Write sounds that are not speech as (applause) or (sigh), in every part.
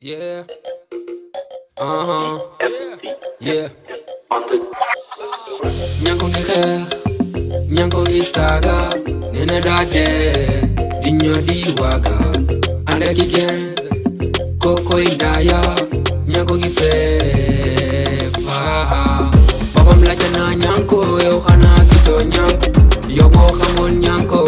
Yeah. Uh huh. Yeah. Nyango ni khair, nyango ni saga, nene dade, dinyo diwaga, anda ki gens, koko idaya, nyanko ki fepa. Papa mlacha na nyanko, yo khana kiso nyango, yo bo khamon nyanko,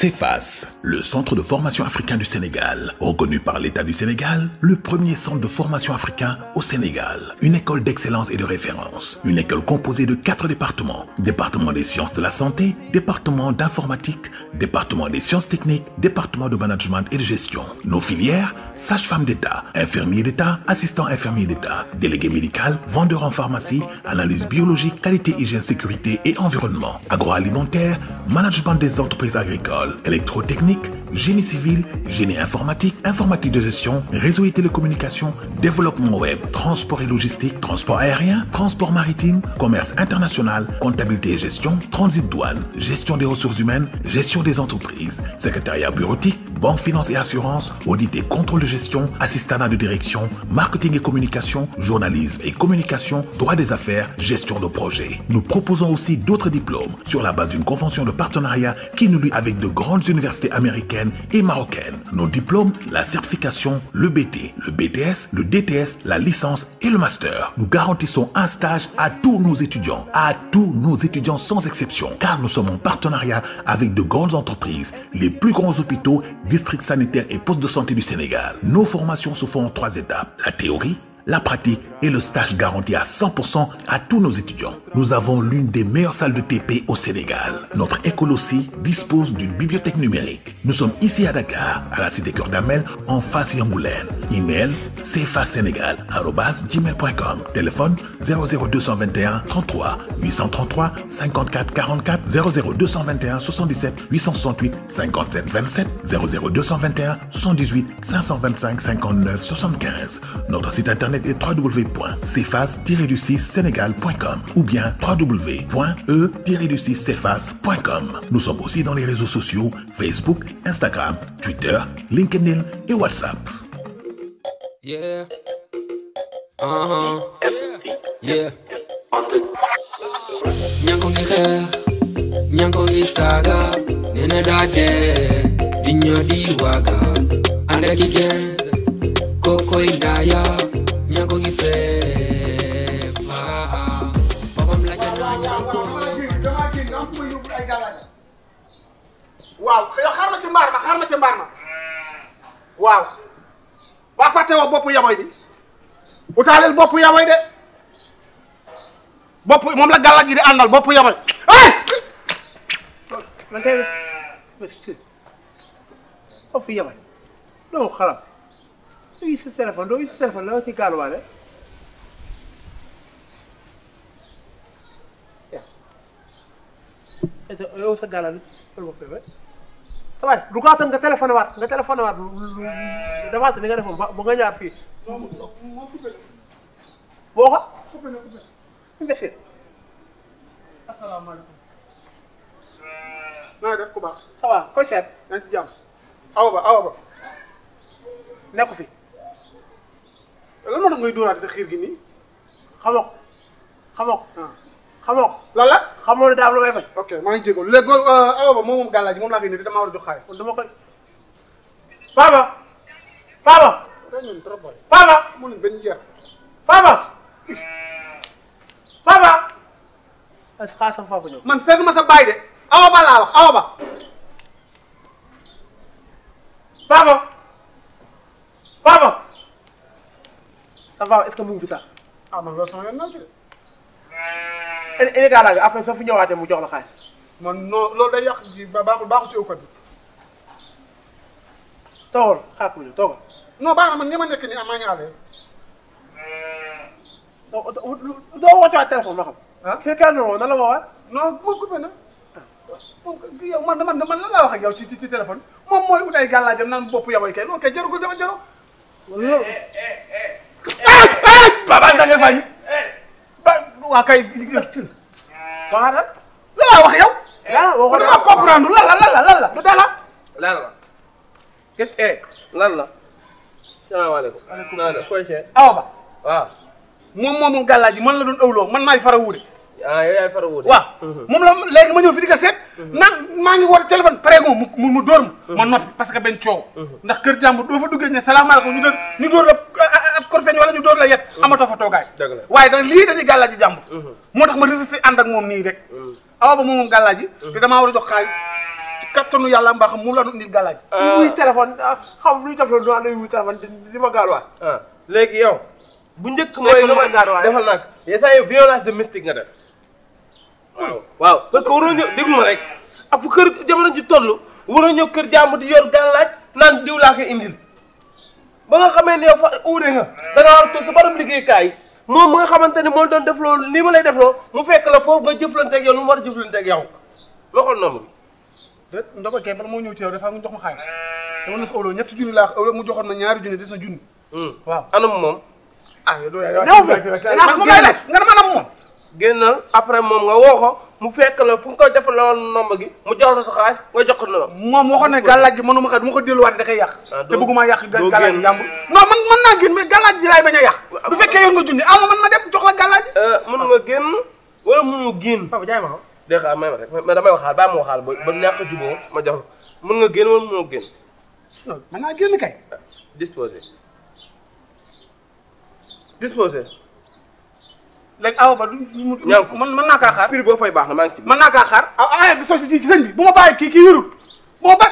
CEFAS, le centre de formation africain du Sénégal, reconnu par l'État du Sénégal, le premier centre de formation africain au Sénégal, une école d'excellence et de référence, une école composée de quatre départements, département des sciences de la santé, département d'informatique, département des sciences techniques, département de management et de gestion. Nos filières sage-femme d'État, infirmier d'État, assistant infirmier d'État, délégué médical, vendeur en pharmacie, analyse biologique, qualité, hygiène, sécurité et environnement, agroalimentaire, management des entreprises agricoles, électrotechnique, génie civil, génie informatique, informatique de gestion, réseau et télécommunications, développement web, transport et logistique, transport aérien, transport maritime, commerce international, comptabilité et gestion, transit douane, gestion des ressources humaines, gestion des entreprises, secrétariat bureautique, banque, finance et assurance, audit et contrôle de gestion, à de direction, marketing et communication, journalisme et communication, droit des affaires, gestion de projet. Nous proposons aussi d'autres diplômes sur la base d'une convention de partenariat qui nous lie avec de grandes universités américaines et marocaines. Nos diplômes, la certification, le BT, le BTS, le DTS, la licence et le master. Nous garantissons un stage à tous nos étudiants, à tous nos étudiants sans exception, car nous sommes en partenariat avec de grandes entreprises, les plus grands hôpitaux district sanitaire et poste de santé du Sénégal. Nos formations se font en trois étapes. La théorie, la pratique et le stage garantis à 100% à tous nos étudiants. Nous avons l'une des meilleures salles de TP au Sénégal. Notre école aussi dispose d'une bibliothèque numérique. Nous sommes ici à Dakar, à la cité Cœur d'Amel, en face Yamboulen. Email cfasénégal.com. Téléphone 00221 33 833 54 44 00221 77 868 57 27 00221 78 525 59 75. Notre site internet et wwwcfas du 6 sénégalcom ou bien wwwe du 6 Nous sommes aussi dans les réseaux sociaux Facebook, Instagram, Twitter, LinkedIn et WhatsApp. Yeah. Uh-huh. yeah. waaw xaar ma ci mbaar ma xaar ma ci mbaar ma waaw waa fàtte woo bopp yaboy bi utaaleel bopp yaboy de bopp moom la gàllankoor gi di àndal boppu yaboy ay man kay bopp yaboy xalam doo gis téléphone doo gis téléphone la wax ci gaaluwaale yow sa gàllal loolu bopp yaboy waaye du ko attan nga téléphoné waat nga téléphoné waat dafaat kan li nga defoon ba ba nga ñaar fii. boo ko. defee. asalaamaaleykum. naa def ku baax ça va koy seet nañ ci jàmm awa ba awa ba nekku fi lan moo tax ngay sa xiir gi nii xamoo ko xamoo ko lan la xamoo daa am lu ok maa ngi jéego léegi euh, awa ba moom moom ji moom laa koy indi dama war a jox xaalis. kon dama koy Faba. Faba. Faba. mu ne benn jeex. Faba. Faba. est-ce que xaalis Faba ñëw. man seetlu ma sa baay de awa ba laa wax ba. Faba. Faba. ça va est-ce que mu ngi fi taal. ah man loolu sama yoon naa ci de. indi daa la après sa fu ñëwaatee mu jox la xaalis. man non loolu day yàq ji baaxul baaxul ci ëw kat bi. toogal xaaku non baax na man ni ma nekk nii am maa ngi à a doo woote waat a ma xam. ah la woo nan la woowaat. non moom coupé yow man na man na laa wax ak yow ci ci ci téléphone moom mooy ut ay gàllaajam naan bopp yaboy kay loolu kay jarul ko jarul. loolu. Eh, eh, eh, ah ah. Baba da nga fay. waa kay. waxaatal. la laa wax yow. la dama comprendre la la la la lan la du dara. la la. qu'est-ce la lan la. salaamaaleykum. waaleykum salaam koy Cheikh. awa ba. waaw. moom moomu gàllaaji man la doon ëwloo man maay fara wuure. ah yow yaay fara wuure. waaw moom la léegi ma ñëw fi di ko seet. naan maa ngi woote téléphone pare gu mu mu dóor mhm. ma. ma noppi parce que benn coow. Mhm. ndax kër jàmbur du ma fa duggee ne salaamaaleykum ñu doon ñu dóor la eh, korfeñ wala ñu door la yet amatoo fa toogaay waaye dana lii dañuy gàllaaji jàmbur moo ma résister ànd ak moom nii rek awa ba moom gàllaaji te damaa war jox xaalis ci kattanu yàlla mbaa mu la nit gàllaaji euh. téléphone ah, xam téléphone di ma gaal waay euh. yow bu njëkk mooy nga gaal waay defal naa yeesa violence domestique nga def waaw waaw parce que waroon ñëw ma rek ak fu kër kër di yor diw indil ba nga xamee ne yow fa uude nga da nga war a toog sa baram liggéeykaay moom mu xamante ni moo doon def loolu lii ma lay def loolu mu fekk la foofu nga jëflanteeg yow lu mu war a jëflanteeg yow loxol noonu. déet ndoba kay bala moo ñëw ci yow dafa mu jox ma xaalis dama ne ko ñetti junni laa ëllëg mu joxoon ma ñaari junni des na junni. Hmm. waaw anam moom. ah yow doo yaay yow. yow fi nga ne ma anam moom. génnal après moom nga woo ko mu fekk la fu nga ko la nomba gi mu jox la sa xaalis nga jox ko nomba. moom waxoon ne gàllaaj gi mënuma xëy du ko delluwaat da koy yàq. Ah, te bëgguma yàq gàllaaj gi yàmb. non man mën naa génn mais gàllaaj gi laay bañ a yàq. Ah, fekkee yoon nga junni ah man ma jox la gàllaaj. Euh, mën nga génn wala mënoo génn. papa jaay ma ma rek mais damay ba ba ñàkk a jubóo ma jox mën nga génn wala mënoo génn. non mën naa génn kay. Ah, disposé disposé léegi awa ba du mu. ñaaw man mën naa kaa xaar. prix boo fay baax na maa ngi ci. mën a kaa xaar ah ah yegg soo ci sëñ bi bu ma bàyyi kii kii bu ma ba.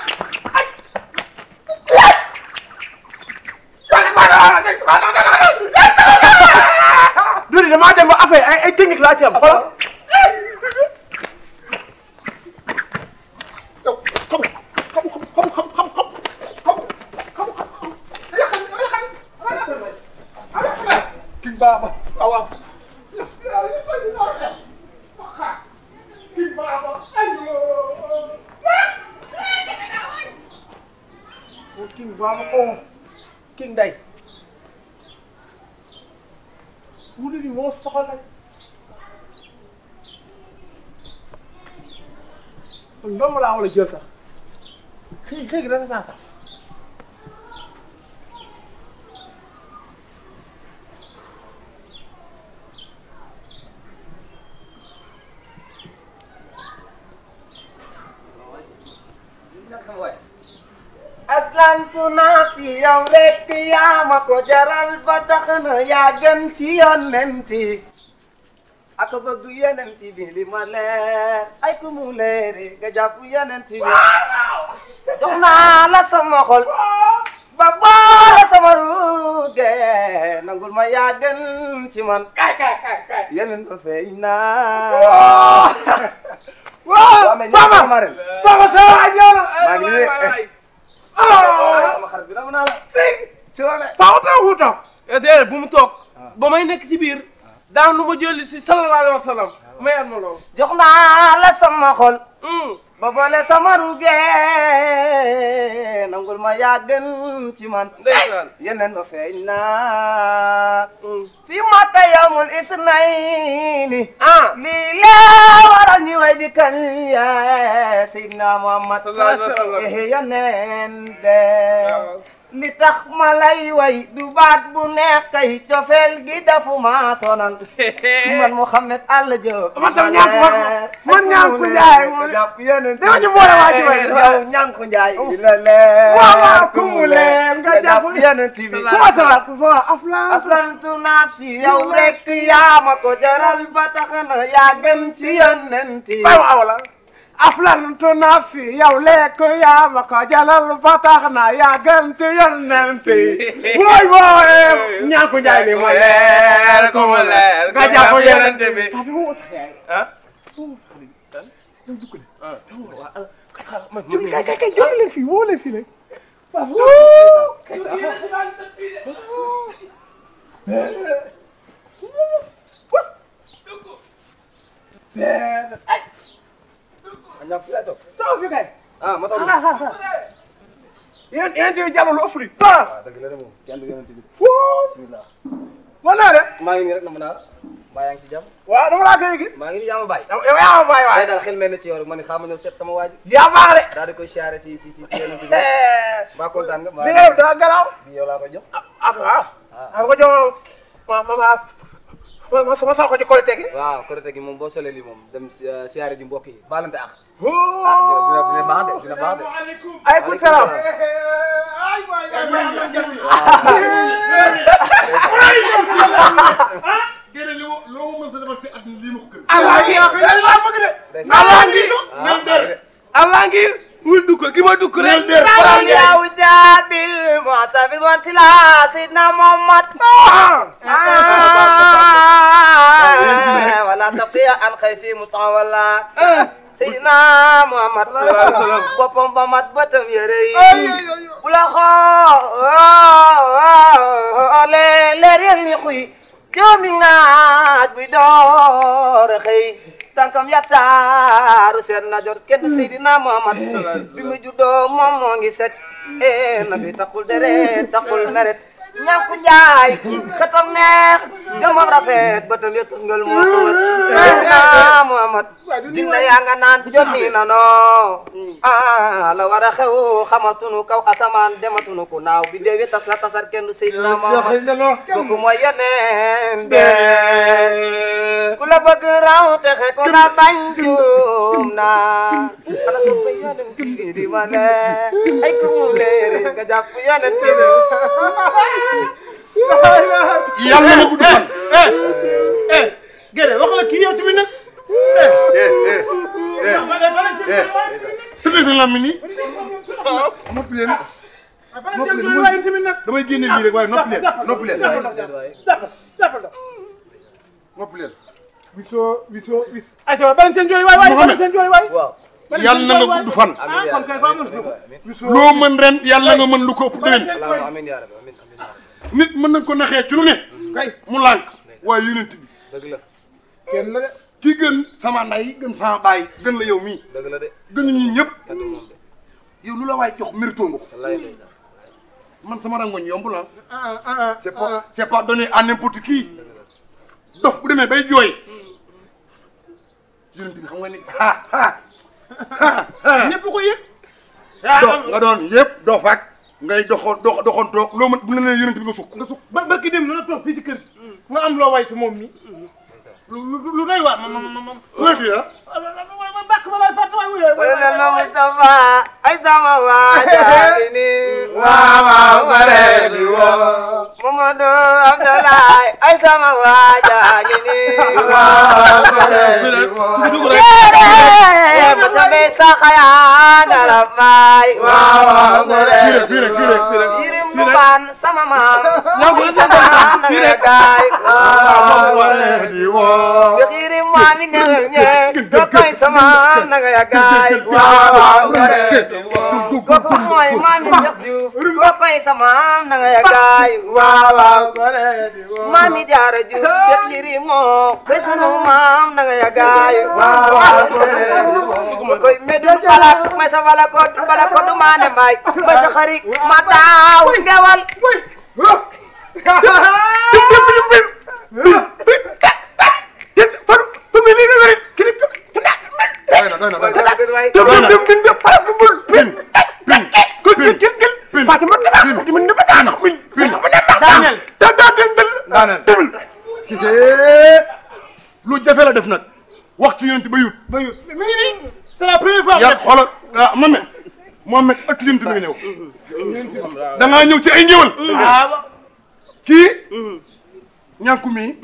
duri damaa dem ba affaire ay ay technique laa ci am. muss doch alle. Und dann mal alle Jöfer. Krieg, krieg, das ist das. Langsam wohl. Es lekk yaa ma ko jaral ba tax na yaa gën ci yonent yi ak bëgg yonent bi li ma leer ay ku mu leere nga jàpp yonent bi jox naa la sama xol ba boole sama ruuge nangul ma yaa gën ci man kay kay kay yonent ba feeñ naa waaw fama fama sama ah sama xarit bi dama naa la. ci la ne eh, bu mu toog. ba may nekk ci biir. daan lu ma jëli si sallallahu alayhi wa sallam. Ah. mayaat ma loolu. jox naa la sama xol. Hmm. ba boole sama rugee ma yaa gën ci man yeneen ba feeñ naa mm. fi Makka yawmul isnayni ah. lii lee waral ñu way di kañ ya Seydina Muhammad yeneen eh, de li tax ma lay way du baat bu neex kay cofeel gi dafu ma sonal (laughs) man Mouhamed Alla Diop man tam ñànku wax yeneen dama ci boole waa ji way yow ñànku yeneen tv kuma salat fa aflan nafsi yow rek yaa ma ko jaral ba yaa gën ci yeneen aflantu na fi yow lekk yaa ma ko jalal ba tax na yaa gën ci yonent yi (laughs) wooy wooy ñànku njaay li ma leer ko ma leer nga jàpp yonent bi ah kay kay kay jóg leen fii woo leen fii rek waaw ndax fi laa toog. taw fi kay. ah ma taw bi ah ah ah. yéen yéen tamit jàll lu ëpp li. waaw dëgg la de moom kenn du yéen tamit. bismillah. mën naa de. maa ngi nii rek na mën naa. maa yaa ngi ci jàmm. waaw dama laa koy gi. maa ngi nii yaa ma bàyyi. yow yaa ma bàyyi waaye. tey daal xel mel na ci yow rek ma ne xaaral ma ñëw seet sama waa ji. yaa baax de. daal di koy siyaare ci ci ci yéen a ngi. maa kontaan nga. maa yow daa garaaw. yow laa koy jox. ah ah waaw. Ah. ah ma ko jox ma ma ma. ma ma sol ko ci korite gi. waaw korite gi moom boo solee lii moom dem siyaare ji mbokk yi baalante ak. ah dina dina baax de dina baax de. aleykum salaam. gërëm li ma loo ma mën sa defal ci at mi lii ma ko gën. allah ngi allah ngi. allah ngi. والدكر كما دكر الدير فراني يا وجاب المعصب الوانسلا سيدنا محمد ولا تبقي عن خيفي مطاولا سيدنا محمد بابم بامات باتم يري ولا خا ليري مي خوي جومنا بدور خي Tangkam ya taru sen na jot kenn nama Muhammad bi mu juddoo momo ngi set eh nabi takul dere takul meret ñàkku njaay xetam neex jëmam rafet betul ya tus moo ko wër Seydina eh, Muhammad jinne yaa nga naan jonni nano ah la wara khu xew xamatunu asaman asamaan dematunu ku bi dewe tas tasar kenn Seydina ya, ya, Muhammad ya, kooku mooy yeneen bee texe ku la bañ juum naa ana su ma yónnee kii di ma ne ay ku mu leere nga jàpp yónnee ci ne. yàlla na gudd fan. gerte wax la kii yow tamit nag. tëddee sa lammi nii. noppi leen noppi leen waaye tamit nag. damay génne lii rek waaye noppi leen noppi leen noppi leen. wisoo wisoo wis. ayca bari seen jooy waay yàlla na nga gudd fan. amiin ah, kon kay faa loo mën ren yàlla nga mën lu ko ëpp déwén. nit mën nañ ko naxee ci lu ne. kay mu lànk waaye yonent bi. dëgg la kenn la de. ki gën sama nday gën sama baay gën la yow mii. dëgg la de gënu ñun ñëpp. yow lu la waay jox méritoo nga ko. man sama rangoñ yomb la ah. ah, ah c'est pas c'est pas donné à n'importe qui. dof bu demee bay jooy. yonent bi xam nga ni ah ah ah. ñëpp ko yëg. do nga doon yëpp doo faak ngay doxoon dox doxoontoog loo mën bu ne nee nga sukk nga sukk. ba barki dem la toog fii ci kër nga am loo way ci moom mi lu lu lu doy waar mm. ma ma ma wala na Mustapha ay sama waa jaabi ni waa waa mare di woo Mamadou Abdoulaye ay sama waa jaabi ni waa mare di woo yere matabe sa khaya dalafay waa waa mare Bukan sama mam Nggak bisa tahan Ngegai Sekiri mami nengnya Gokai sama Kau Gokai mami nyakju Gokai sama ngegai Mami diaraju Sekiri mo Kesanu mam Kau Gokai medul balak Masa balakod Balakod mana baik, Masa karik Matau gaawal. lu jafe la def nag wax ci yonent ba yut ba yut c'est la première fois. yaa xoolal ah Mohamed Mohamed ak yonent bi nga ñëw. dangaa ñëw ci ay ngéwal kii ñànku mii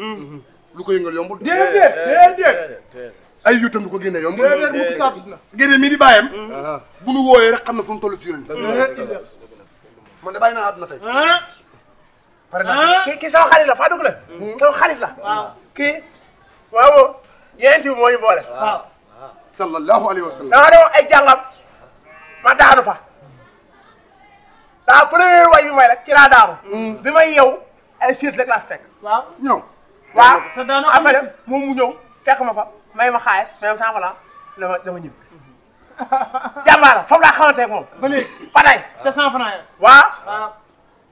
lu ko yëngal yombul déedéet déedéet ay yutam lu ko génne yombul mu ko na génne mii di bàyyam bu nu wooyee rek xam na fu mu toll ci yéen man de bàyyi naa àdduna tey pare naa kii kii sama xarit la Fadou la sama xarit la kii waaw yéen moo ñu boole sallallahu alayhi wa sallam dama doon ay jàngam ma daanu daa premier way bi may rek ci laa daaru. Mm. bi may yow ay siis rek laa fekk. waaw ñëw. waaw te daanaka affaire mu ñëw fekk ma fa may ma xaalis may ma cent francs dama dama ñibbi. (laughs) jàmbaara foofu laa xamante ak moom. ba ca cent ya. waaw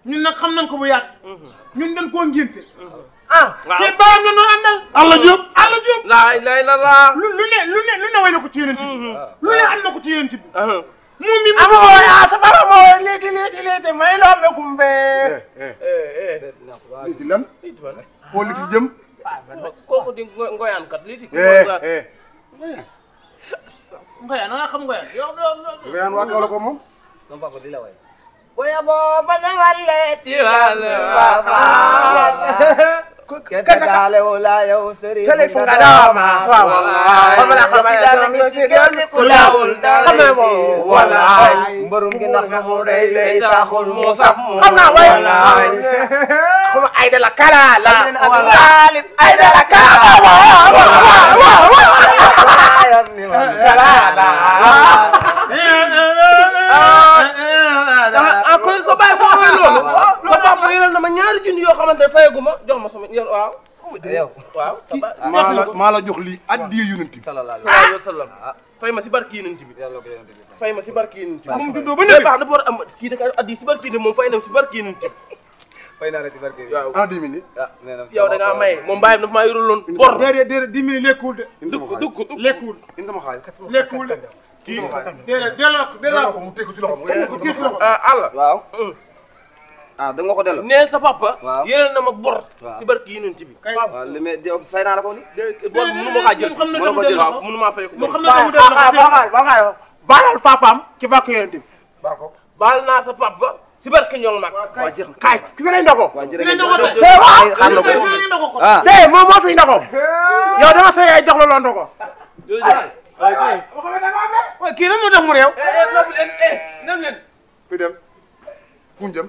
ñun na xam nañ ko bu yàgg. Mm-hmm. ñun dañ koo ngénte. ah te baam la noonu àndal. Alla Diop Alla Diop. laay laay la laa. lu lu ne lu ne lu ne way na ko mm-hmm. lu ne am na ko ci yonent bi. Uh-huh. mumi ama o ya safara mo leti leti leti may lo me gumbe eh eh. eh eh leti lan ko liti jëm ah, kooku di ngoyaan kat liti ko sa eh ngoyaan nga xam ngoyaan yo ngoyaan waa kaw la ko moom non papa di la way boya bo ba na walle ti wal papa كتعالوا لا يوسري سلف الأدامة فوا خمنا خمنا سيدان كلاول داري ولا برم كنا خموري ليس أخو المصف خمنا ولا خم أيد الكلا لا والعالم أيد الكلا كلا لا أكون صباح بقول له papa yoral na ma ñaari junni yoo xamante ne jox ma sama yor waaw. yow waaw ah, maa la jox lii addiya yonent sallallahu alayhi wasallam. sallam ah. fay ma si barki yonent bi fay ma si barki yonent bi moom juddoo ba léegi baax dafa war a am kii da kay addi si barki yonent moom fay na si barki yonent bi fay naa la ci barke bi waaw en ah, dix minutes yow da ngaa maye moom bàyyam dafa maa yorul loon bor déedéet déedéet dix minutes lekkuwul de dugg dugg lekkuwul in sama xaalis lekkuwul de kii déedéet delloo ko delloo mu teg ci loxo mu teg waaw mm ah da nga ko delloo neel sa papa. bor. waaw ci barke yi ci bi. kay waaw bor mënu ma kaa jël mënu ko jël waaw mënu maa fay ko. xam na dama delloo waaw waaw waaw waaw baalal faafaam ci barke yonent bi. ah. tey moom moo fi ndogo. yow dama sa yaay jox la loo ndogo. waaw kii lan moo tax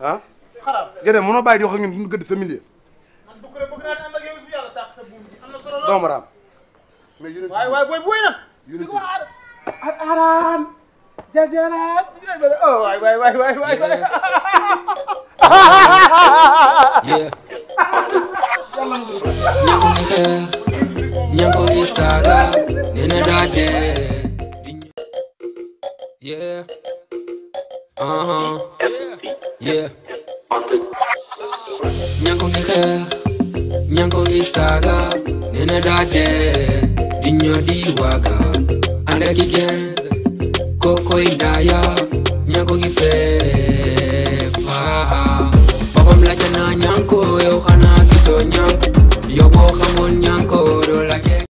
ah. xaraam Guédé mënoo di wax ak ñun gëdd sa milier di ak yow bis bu yàlla sa buum bi solo oh (laughs) Uh-huh. Yeah. Nyanko ni khair, saga, nene dade, dinyo di waga, anda kigen.